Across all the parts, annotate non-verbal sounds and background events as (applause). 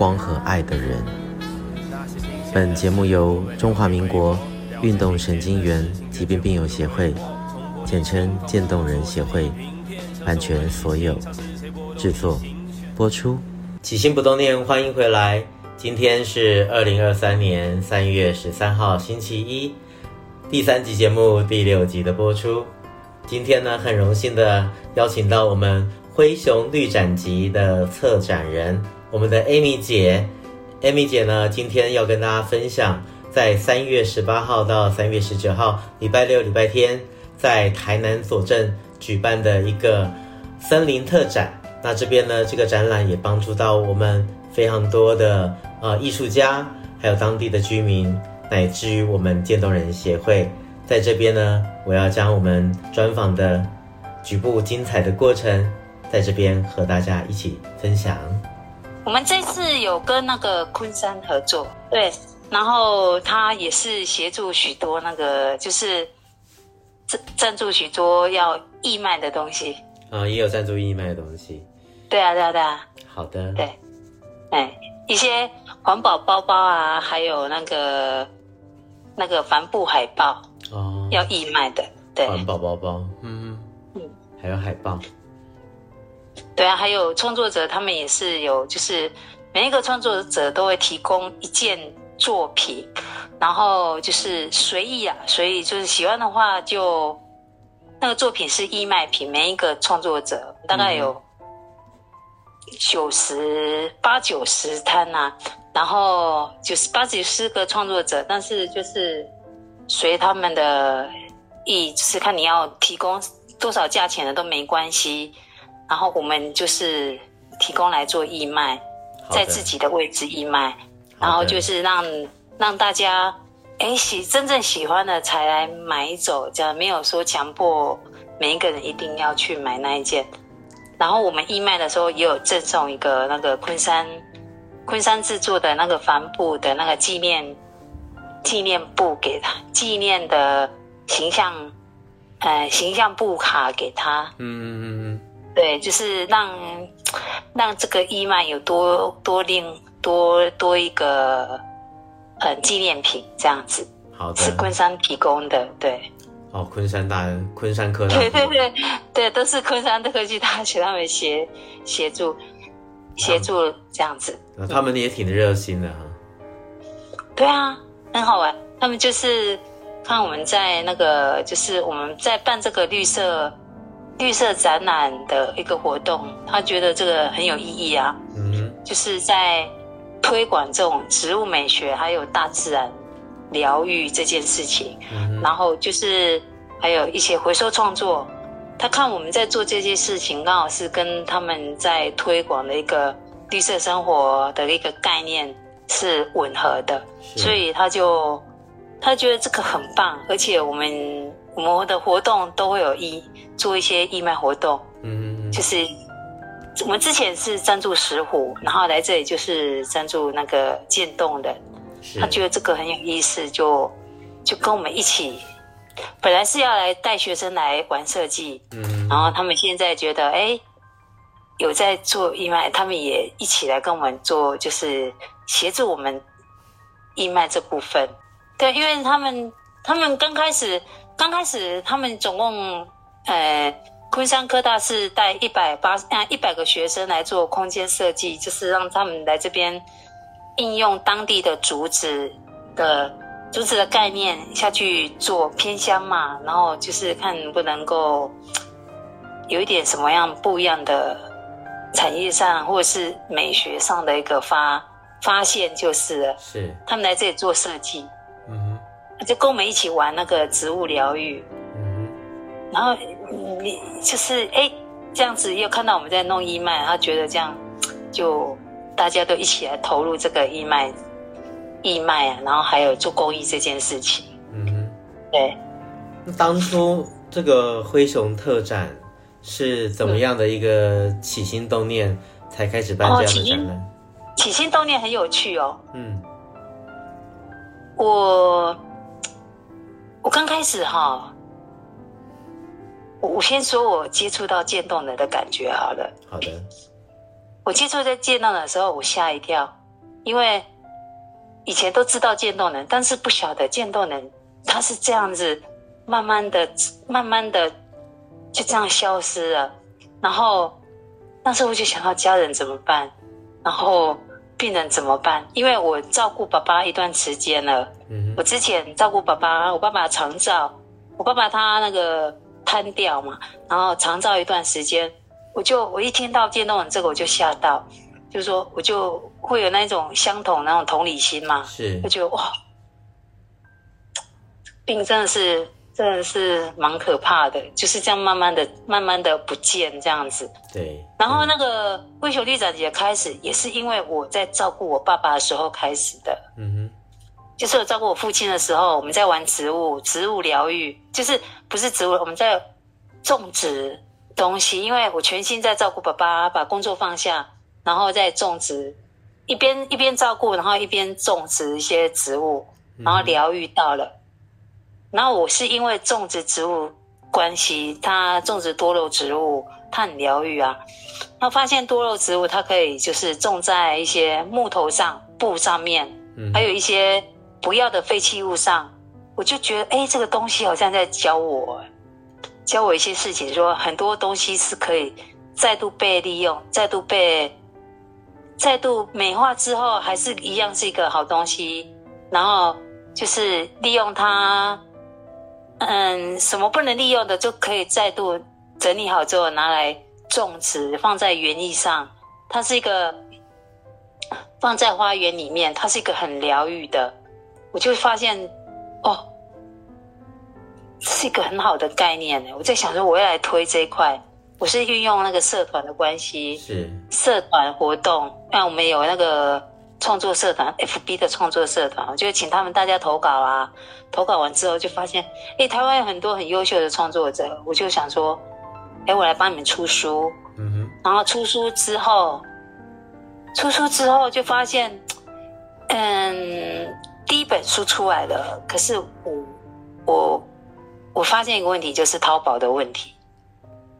光和愛的人。本節目由中華民國運動神經元疾病病友協會，簡稱健動人協會，版權所有，製作、播出。起心動念，歡迎回來。今天是二零二三年三月十三號，星期一，第三集節目第六集的播出。今天呢，很榮幸的邀請到我們灰熊綠展集的策展人。我們的 Emi 姐，Emi 姐呢，今天要跟大家分享，在三月十八號到三月十九號，禮拜六、禮拜天，在台南左鎮舉辦的一個森林特展。那這邊呢，這個展覽也幫助到我們非常多的啊、呃、藝術家，還有當地的居民，乃至於我們漸凍人協會。在這邊呢，我要將我們專訪的局部精彩的過程，在這邊和大家一起分享。我們這次有跟那個昆山合作，對，然後他也是協助許多那個，就是贊贊助許多要義賣的東西，啊、哦，也有贊助義賣的東西，對啊，對啊，對啊，好的，對，哎，一些環保包包啊，還有那個那個帆布海報哦。要義賣的，對，環保包包，嗯，還有海報。對啊，還有創作者，他們也是有，就是每一個創作者都會提供一件作品，然後就是隨意啊，隨意，就是喜歡的話就那個作品是義賣品，每一個創作者大概有九十、嗯、哼八九十攤吶、啊，然後就是八九十個創作者，但是就是隨他們的意，就是看你要提供多少價錢的都沒關係。然後我們就是提供來做義賣，Okay. 在自己的位置義賣，Okay. 然後就是讓讓大家誒、欸、喜真正喜歡的才來買走，這沒有說強迫每一個人一定要去買那一件。然後我們義賣的時候也有贈送一個那個昆山昆山製作的那個帆布的那個紀念紀念布給他，紀念的形象呃形象布卡給他，嗯嗯嗯。對，就是讓讓這個義賣有多多另多多一個呃紀念品這樣子，好的是昆山提供的，對，哦，昆山大昆山科大人，對對對對，對都是昆山的科技大學他們協協助協助這樣子，啊啊，他們也挺熱心的哈，啊嗯，對啊，很好玩，他們就是看我們在那個，就是我們在辦這個綠色。嗯綠色展覽的一個活動，他覺得這個很有意義啊，嗯、哼就是在推廣這種植物美學還有大自然療癒這件事情。嗯、哼然後就是還有一些回收創作，他看我們在做這些事情，剛好是跟他們在推廣的一個綠色生活的一個概念是吻合的，是所以他就他覺得這個很棒，而且我們。我們的活動都會有一做一些義賣活動，嗯，嗯，嗯，就是我們之前是贊助石虎，然後來這裡就是贊助那個漸凍的，是他覺得這個很有意思，就就跟我們一起。本來是要來帶學生來玩設計，嗯，嗯，嗯，然後他們現在覺得哎、欸，有在做義賣，他們也一起來跟我們做，就是協助我們義賣這部分。對，因為他們他們剛開始。剛開始，他們總共，呃，昆山科大是帶一百八十啊一百個學生來做空間設計，就是讓他們來這邊應用當地的竹子的竹子的概念下去做偏鄉嘛，然後就是看能不能夠有一點什麼樣不一樣的產業上或者是美學上的一個發發現，就是了是他們來這裡做設計。就跟我們一起玩那個植物療癒，嗯、哼然後你就是哎、欸、這樣子又看到我們在弄義賣，然後覺得這樣就大家都一起來投入這個義賣，義賣啊，然後還有做公益這件事情，嗯哼，對。那當初這個灰熊特展是怎麼樣的一個起心動念才開始辦這樣的展呢？哦？起心動念很有趣哦，嗯，我。我剛開始哈，我先說我接觸到漸凍人的感覺好了。好的。我接觸在漸凍的時候，我嚇一跳，因為以前都知道漸凍人，但是不曉得漸凍人他是這樣子慢慢的、慢慢的就這樣消失了。然後那時候我就想到家人怎麼辦，然後。病人怎麼辦？因為我照顧爸爸一段時間了，嗯、哼我之前照顧爸爸，我爸爸長照，我爸爸他那個癱掉嘛，然後長照一段時間，我就我一聽到漸凍人這個我就嚇到，就是說我就會有那種相同那種同理心嘛，是，我就哇，病真的是。真的是蠻可怕的，就是這樣慢慢的、慢慢的不見這樣子。對。然後那個灰熊綠展集也開始，也是因為我在照顧我爸爸的時候開始的。嗯哼。就是我照顧我父親的時候，我們在玩植物，植物療癒，就是不是植物，我們在種植東西。因為我全心在照顧爸爸，把工作放下，然後在種植，一邊一邊照顧，然後一邊種植一些植物，然後療癒到了。嗯然後我是因為種植植物關係，它種植多肉植物，它很療癒啊。那發現多肉植物它可以就是種在一些木頭上、布上面，還有一些不要的廢棄物上，嗯、我就覺得，誒、欸、這個東西好像在教我，教我一些事情，就是、說很多東西是可以再度被利用、再度被再度美化之後，還是一樣是一個好東西。然後就是利用它。嗯，什麼不能利用的就可以再度整理好之後拿來種植，放在園藝上。它是一個放在花園裡面，它是一個很療癒的。我就發現哦，是一個很好的概念呢。我在想說，我要來推這一塊，我是運用那個社團的關係，是社團活動。那我們有那個。創作社團 FB 的創作社團，我就請他們大家投稿啊，投稿完之後就發現，欸，台灣有很多很優秀的創作者，我就想說，欸，我來幫你們出書，嗯哼，然後出書之後，出書之後就發現，嗯，第一本書出來了，可是我我我發現一個問題，就是淘寶的問題，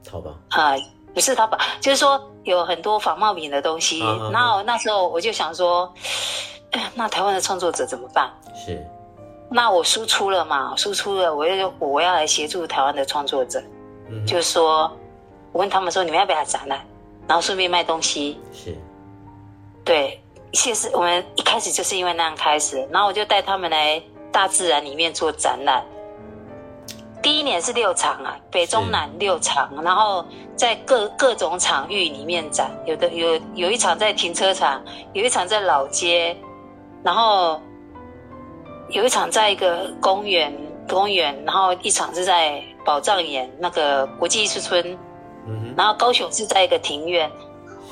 淘寶，哎。不是他把，就是說有很多仿冒品的東西。然後我那時候我就想說，那台灣的創作者怎麼辦？是，那我輸出了嘛，輸出了，我要我要來協助台灣的創作者。就是說，我問他們說，你們要不要展覽？然後順便賣東西。是，對，確實我們一開始就是因為那樣開始。然後我就帶他們來大自然裡面做展覽。第一年是六場啊，北中南六場，是然後在各各種場域裡面展，有的有有一場在停車場，有一場在老街，然後有一場在一個公園公園，然後一場是在寶藏岩那個國際藝術村，嗯、哼然後高雄是在一個庭院，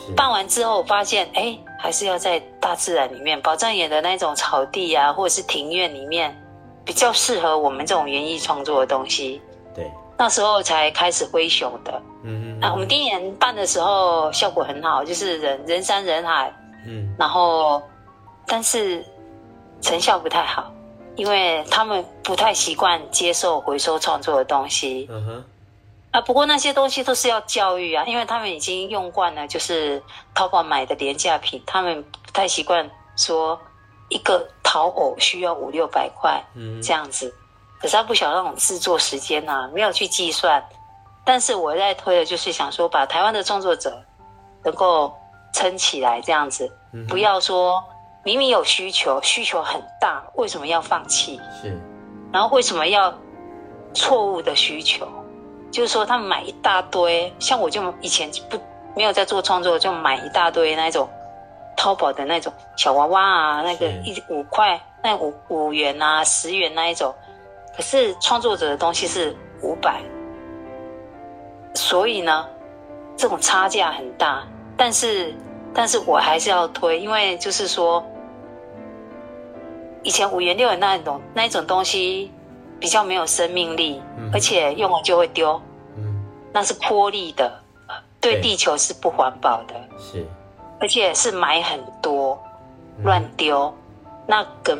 是辦完之後發現哎、欸、還是要在大自然裡面，寶藏岩的那種草地啊，或者是庭院裡面。比較適合我們這種原意創作的東西，對，那時候才開始灰熊的。嗯哼嗯，哼嗯、啊，我們第一年辦的時候效果很好，就是人人山人海，嗯，然後，但是成效不太好，因為他們不太習慣接受回收創作的東西，嗯哼，啊，不過那些東西都是要教育啊，因為他們已經用慣了，就是淘寶買的廉價品，他們不太習慣說。一個陶偶需要五六百塊，嗯，這樣子，可是他不曉得那種製作時間吶，沒有去計算。但是我在推的就是想說，把台灣的創作者能夠撐起來，這樣子，不要說明明有需求，需求很大，為什麼要放棄？是。然後為什麼要錯誤的需求？就是說他買一大堆，像我就以前不沒有在做創作，就買一大堆那種。淘寶的那種小娃娃啊，那個一五塊、是那五五元啊、十元那一種，可是創作者的東西是五百，所以呢，這種差價很大。但是，但是我還是要推，因為就是說，以前五元六元那一種那一種東西比較沒有生命力，嗯、而且用了就會丟，嗯、那是波麗的，對，對地球是不環保的。是。而且是買很多，亂丟，那更、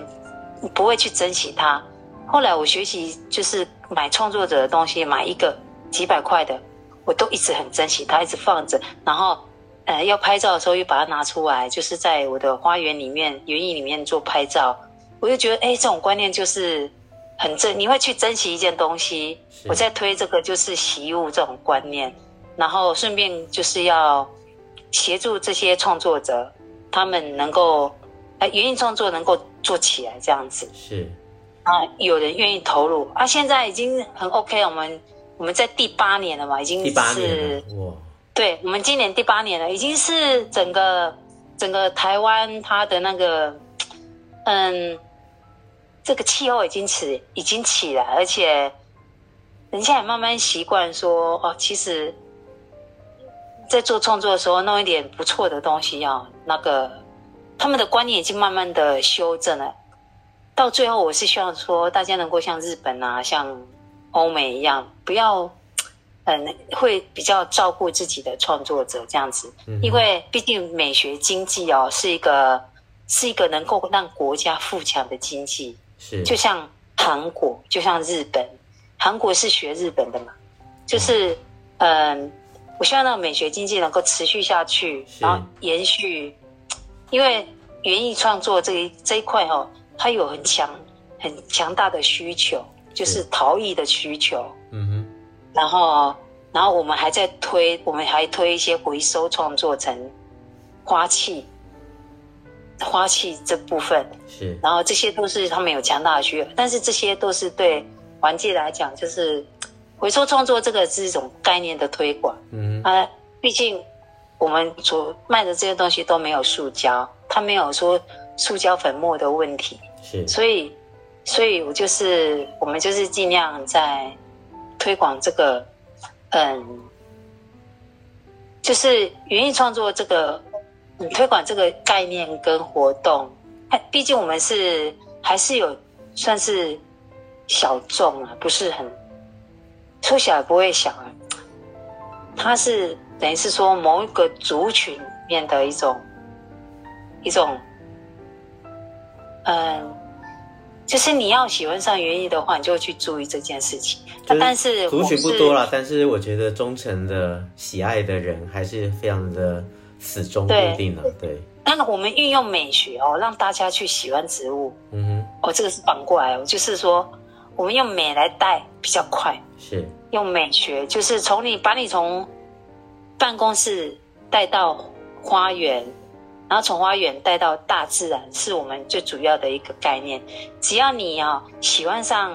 個、不會去珍惜它。後來我學習就是買創作者的東西，買一個幾百塊的，我都一直很珍惜它，它一直放着。然後，呃，要拍照的時候又把它拿出來，就是在我的花園裡面、園藝裡面做拍照。我就覺得，哎、欸，這種觀念就是很正，你會去珍惜一件東西。我在推這個就是惜物這種觀念，是然後順便就是要。協助這些創作者，他們能夠呃，原意創作能夠做起來這樣子。是啊，有人願意投入啊，現在已經很 OK，我們我們在第八年了嘛，已經是哇，對我們今年第八年了，已經是整個整個台灣它的那個嗯，這個氣候已經起已經起來，而且人家也慢慢習慣說哦，其實。在做創作的時候，弄一點不錯的東西啊，那個，他們的觀念已經慢慢的修正了。到最後，我是希望說，大家能夠像日本啊，像歐美一樣，不要，嗯、呃，會比較照顧自己的創作者這樣子，嗯、哼因為畢竟美學經濟哦、啊，是一個是一個能夠讓國家富強的經濟，是就像韓國，就像日本，韓國是學日本的嘛，就是嗯。呃我希望讓美學經濟能夠持續下去，然後延續，是因為園藝創作這一這一塊哈、哦，它有很強、很強大的需求，就是陶藝的需求。嗯哼是。然後，然後我們還在推，我們還推一些回收創作成花器、花器這部分。是。然後這些都是他們有強大的需求，但是這些都是對環境來講，就是。回收創作這個是一種概念的推廣，嗯哼啊，畢竟我們所賣的這些東西都沒有塑膠，它沒有說塑膠粉末的問題，是，所以，所以我就是我們就是盡量在推廣這個，嗯，就是原藝創作這個、嗯，推廣這個概念跟活動，它畢竟我們是還是有算是小眾啊，不是很。說起來不會想，它是等於是說某一個族群裡面的一種一種，嗯，就是你要喜歡上園藝的話，你就會去注意這件事情。就是、但，但是，是族群不多了，但是我覺得忠誠的喜愛的人還是非常的始終固定的。對。那對我們運用美學哦，讓大家去喜歡植物。嗯哼。哦，這個是反過來哦，就是說。我們用美來帶比較快，是用美學，就是從你把你從辦公室帶到花園，然後從花園帶到大自然，是我們最主要的一個概念。只要你哦喜歡上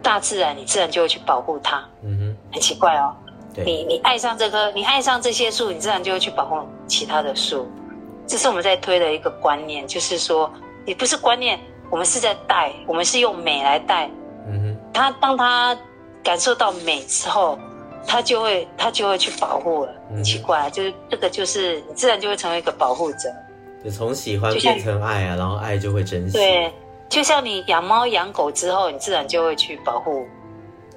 大自然，你自然就會去保護它。嗯哼，很奇怪哦，對你你愛上這棵，你愛上這些樹，你自然就會去保護其他的樹。這是我們在推的一個觀念，就是說，也不是觀念。我們是在帶，我們是用美來帶。嗯哼，他當他感受到美之後，他就會他就會去保護了。嗯，奇怪，就是這個就是你自然就會成為一個保護者。就從喜歡變成愛啊，像然後愛就會珍惜。對，就像你養貓養狗之後，你自然就會去保護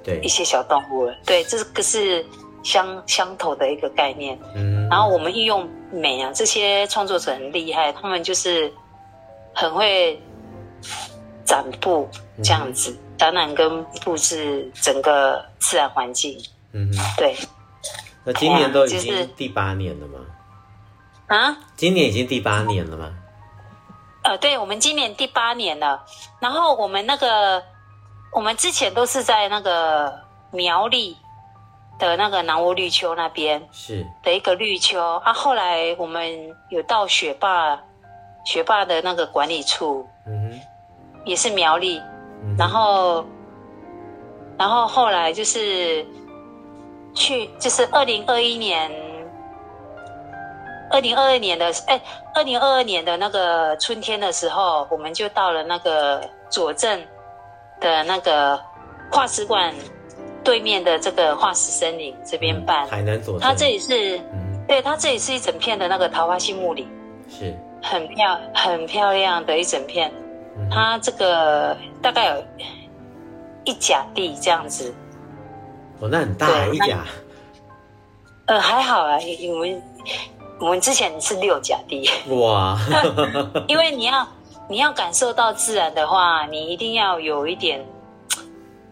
對一些小動物了。對，對，這個是相相投的一個概念。嗯哼，然後我們運用美啊，這些創作者很厲害，他們就是很會。展布這樣子，嗯、哼展覽跟布置整個自然環境。嗯哼，對。那今年都已經、啊就是、第八年了嗎？啊？今年已經第八年了嗎？呃，對，我們今年第八年了。然後我們那個，我們之前都是在那個苗栗的那個南窩綠丘那邊，是的一個綠丘是啊。後來我們有到雪霸，雪霸的那個管理處。嗯，也是苗栗，嗯、哼然後，然後後來就是去，就是二零二一年、二零二二年的哎，二零二二年的那個春天的時候，我們就到了那個左鎮的那個化石館對面的這個化石森林這邊辦。台、嗯、南左鎮，它這裡是，嗯、對，它這裡是一整片的那個桃花心木林。是。很漂很漂亮的一整片，嗯、哼它這個大概有一甲地這樣子。哦，那很大那一甲。呃，還好啊，因為我們，我們之前是六甲地。哇！因為你要 (laughs) 你要感受到自然的話，你一定要有一點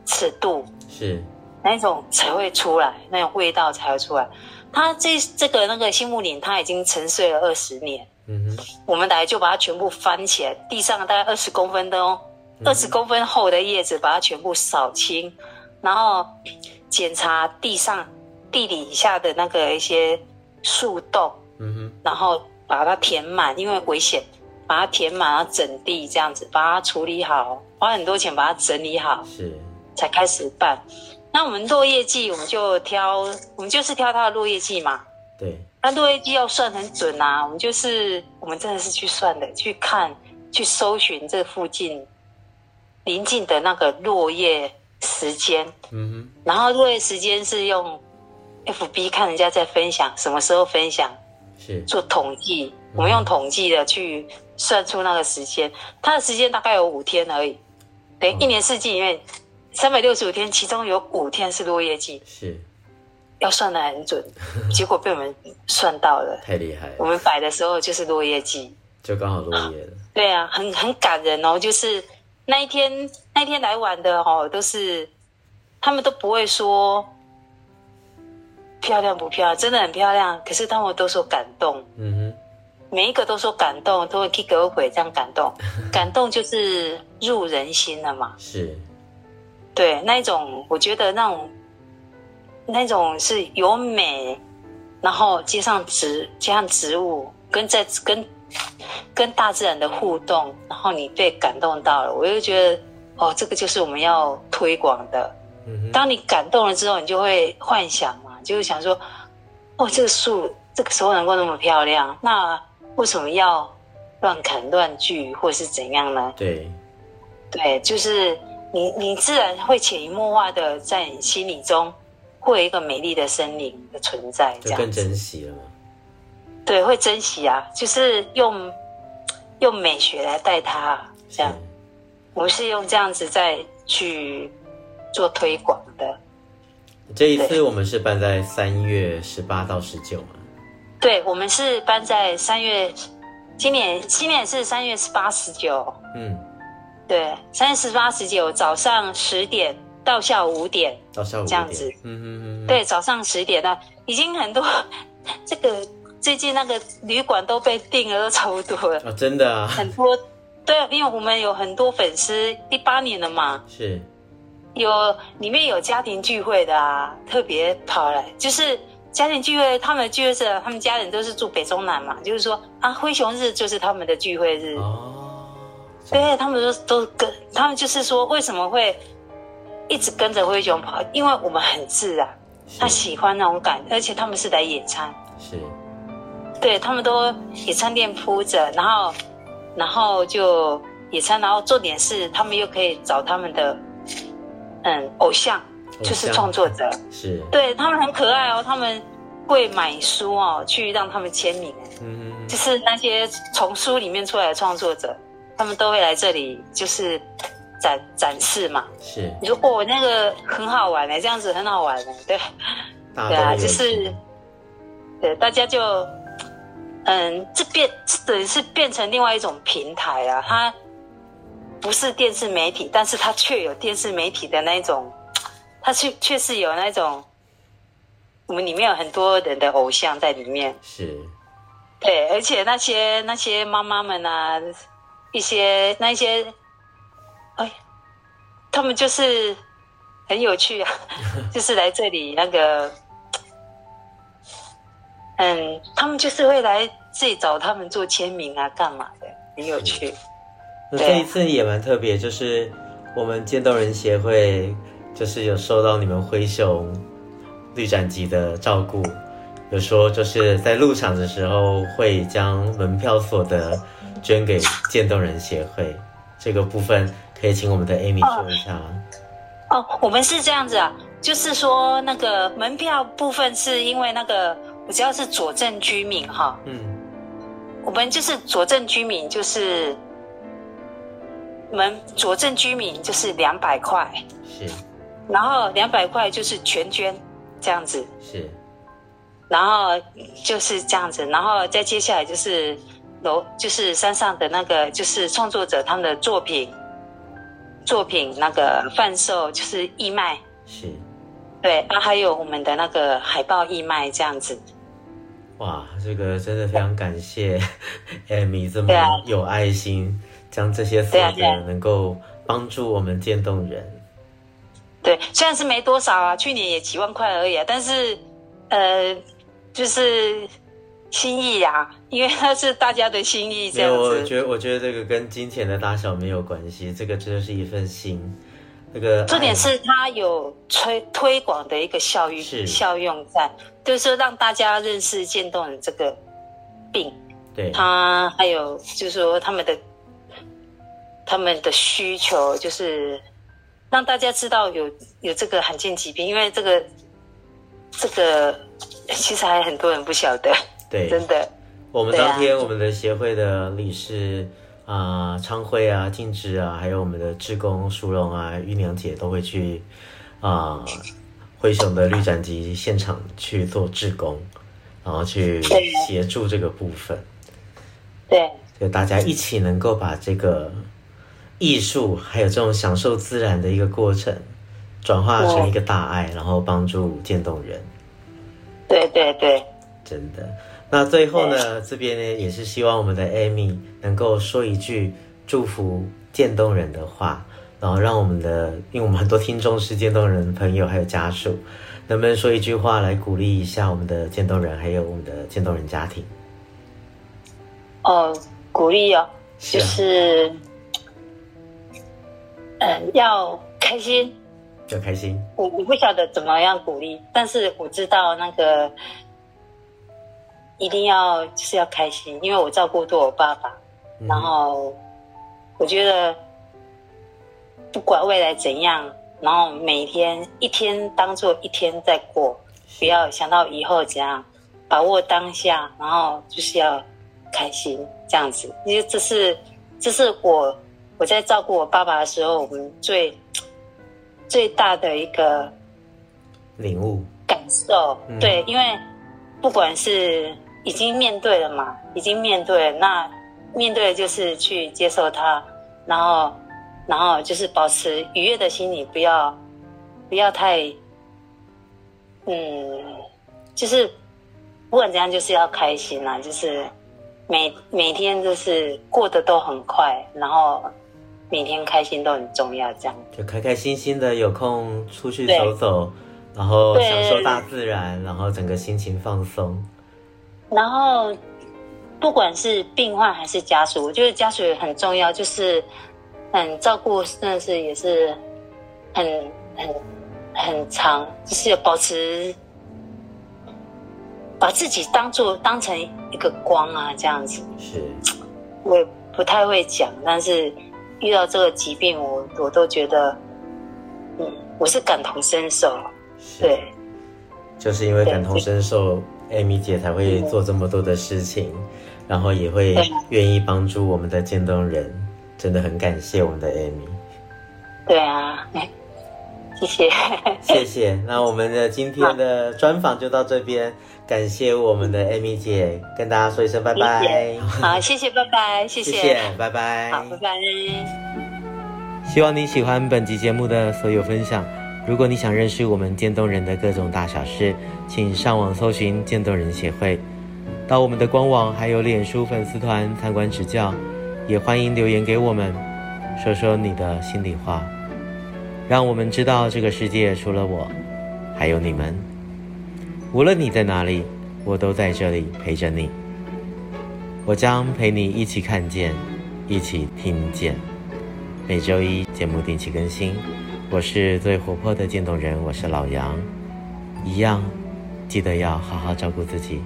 尺度。是。那種才會出來，那種味道才會出來。它這這個那個新木林，它已經沉睡了二十年。嗯哼，我們來就把它全部翻起來，地上大概二十公分的，哦，嗯哼，二十公分厚的葉子把它全部掃清，然後檢查地上、地底下的那個一些樹洞，嗯哼，然後把它填滿，因為危險，把它填滿，然後整地這樣子，把它處理好，花很多錢把它整理好，是，才開始辦。那我們落葉季，我們就挑，我們就是挑它的落葉季嘛，對。那落葉季要算很準吶、啊，我們就是我們真的是去算的，去看、去搜尋這附近鄰近的那個落葉時間。嗯哼。然後落葉時間是用 FB 看人家在分享什麼時候分享，是做統計，嗯、我們用統計的去算出那個時間。它的時間大概有五天而已，等於一年四季裡面三百六十五天，其中有五天是落葉季。是。要算得很準，結果被我們算到了， (laughs) 太厲害了！我們擺的時候就是落葉季，就剛好落葉了，啊。對啊，很很感人哦，就是那一天那一天來玩的哦，都是他們都不會說漂亮不漂亮，真的很漂亮，可是他們都說感動。嗯哼，每一個都說感動，都會 K 個鬼這樣感動， (laughs) 感動就是入人心了嘛。是，對那一種，我覺得那種。那種是有美，然後接上植，接上植物跟在跟，跟大自然的互動，然後你被感動到了，我就覺得哦，這個就是我們要推廣的。嗯哼。當你感動了之後，你就會幻想嘛，就會想說，哦，這個樹這個時候能夠那麼漂亮，那為什麼要亂砍亂鋸，或是怎樣呢？對。對，就是你你自然會潛移默化的在你心裡中。會有一個美麗的森林的存在，這樣更珍惜了嗎？對，會珍惜啊，就是用用美學來帶他。這樣，是我們是用這樣子在去做推廣的。這一次我們是辦在三月十八到十九嘛？對，我們是辦在三月，今年今年是三月十八十九。嗯，對，三月十八十九早上十點。到下午五點，到下午5點這樣子，嗯嗯嗯，對，早上十點呢，那已經很多。這個最近那個旅館都被訂了，都差不多了啊。哦真的啊？很多。對，因為我們有很多粉絲，第八年了嘛，是，有裡面有家庭聚會的啊，特別跑來，就是家庭聚會，他們的聚會是他們家人都是住北中南嘛，就是說啊，灰熊日就是他們的聚會日哦對他們都都跟他們就是說為什麼會。一直跟着灰熊跑，因為我們很自然，是他喜歡那種感覺，而且他們是來野餐，是，對他們都野餐墊鋪著，然後，然後就野餐，然後重點是，他們又可以找他們的嗯偶像，偶像就是創作者，是，對他們很可愛哦、喔，他們會買書哦、喔，去讓他們簽名，哎、嗯嗯嗯，就是那些從書裡面出來的創作者，他們都會來這裡，就是。展展示嘛？是。如果、哦、那個很好玩呢，這樣子很好玩呢，對。對啊，就是，對，大家就，嗯，這變等於是變成另外一種平台啊。它不是電視媒體，但是它卻有電視媒體的那一種，它卻卻是有那種，我們裡面有很多人的偶像在裡面。是。對，而且那些那些媽媽們啊，一些那一些。他們就是很有趣啊， (laughs) 就是來這裡那個，嗯，他們就是會來這裡找他們做簽名啊，幹嘛的，很有趣。啊、那這一次也蠻特別，就是我們漸凍人協會就，就是有受到你們灰熊綠展集的照顧，有說就是在入場的時候會將門票所得捐給漸凍人協會這個部分。可以請我們的 Emi 說一下嗎、哦？哦，我們是這樣子啊，就是說那個門票部分是因為那個，我知道是佐證居民哈、哦。嗯，我們就是佐證居民，就是我們佐證居民就是兩百塊，是，然後兩百塊就是全捐這樣子，是，然後就是這樣子，然後再接下來就是樓就是山上的那個就是創作者他們的作品，作品那個販售就是義賣，是，對啊，還有我們的那個海報義賣這樣子。哇，這個真的非常感謝 Emi< 對>這麼有愛心，啊、將這些作品、啊啊、能夠幫助我們漸凍人。對，雖然是沒多少啊，去年也幾萬塊而已啊，但是呃，就是。心意呀、啊，因為它是大家的心意這樣子。沒有，我覺得，我覺得這個跟金錢的大小沒有關係。這個真的是一份心。那、這個重點是他有推推廣的一個效益是效用在，就是說，讓大家認識漸凍人這個病。對。他、啊、還有就是說他們的他們的需求，就是讓大家知道有有這個罕見疾病，因為這個這個其實還很多人不曉得。對真的，我們當天我們的協會的理事啊、呃，昌輝啊、靜之啊，還有我們的志工淑榮啊、玉娘姐都會去啊、呃，灰熊的綠展集現場去做志工，然後去協助這個部分。對，對，就大家一起能夠把這個藝術，還有這種享受自然的一個過程，轉化成一個大愛，對然後幫助漸凍人。對。對對對，真的。那最後呢，欸、這邊呢也是希望我們的 Emi 能夠說一句祝福漸凍人的話，然後讓我們的，因為我們很多聽眾是漸凍人朋友還有家屬，能不能說一句話來鼓勵一下我們的漸凍人，還有我們的漸凍人家庭？哦，鼓勵哦，就是，是、啊、嗯，要開心，要開心。我我不曉得怎麼樣鼓勵，但是我知道那個。一定要就是要開心，因為我照顧過我爸爸，嗯、然後我覺得不管未來怎樣，然後每天一天當做一天在過，不要想到以後怎樣，把握當下，然後就是要開心這樣子，因為這是這是我我在照顧我爸爸的時候，我們最最大的一個領悟感受，嗯、對，因為不管是。已經面對了嘛？已經面對了，那面對的就是去接受它，然後，然後就是保持愉悅的心理，不要，不要太，嗯，就是不管怎樣，就是要開心啦、啊。就是每每天就是過得都很快，然後每天開心都很重要，這樣。就開開心心的，有空出去走走，對然後享受大自然，對然後整個心情放鬆。然後，不管是病患還是家屬，我覺得家屬很重要，就是很照顧，但是也是很很很長，就是保持把自己當做當成一個光啊，這樣子。是，我也不太會講，但是遇到這個疾病我，我我都覺得，嗯，我是感同身受。是對，就是因為感同身受，Emi 姐，才會做這麼多的事情，嗯、然後也會願意幫助我們的漸凍人，對真的很感謝我們的 Emi。對啊，謝謝，謝謝。那我們的今天的專訪就到這邊，好感謝我們的 Emi 姐，跟大家說一聲拜拜，謝謝。好，謝謝，拜拜，謝謝，謝謝拜拜，好，拜拜。希望你喜歡本集節目的所有分享。如果你想認識我們漸凍人的各種大小事，請上網搜尋漸凍人協會，到我們的官網還有臉書粉絲團參觀指教，也歡迎留言給我們，說說你的心裡話，讓我們知道這個世界除了我，還有你們。無論你在哪裡，我都在這裡陪着你。我將陪你一起看見，一起聽見。每周一節目定期更新。我是最活潑的漸凍人，我是老楊，一樣，記得要好好照顧自己，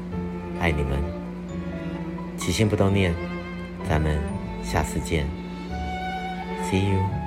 愛你們，起心不凍念，咱們下次見，See you。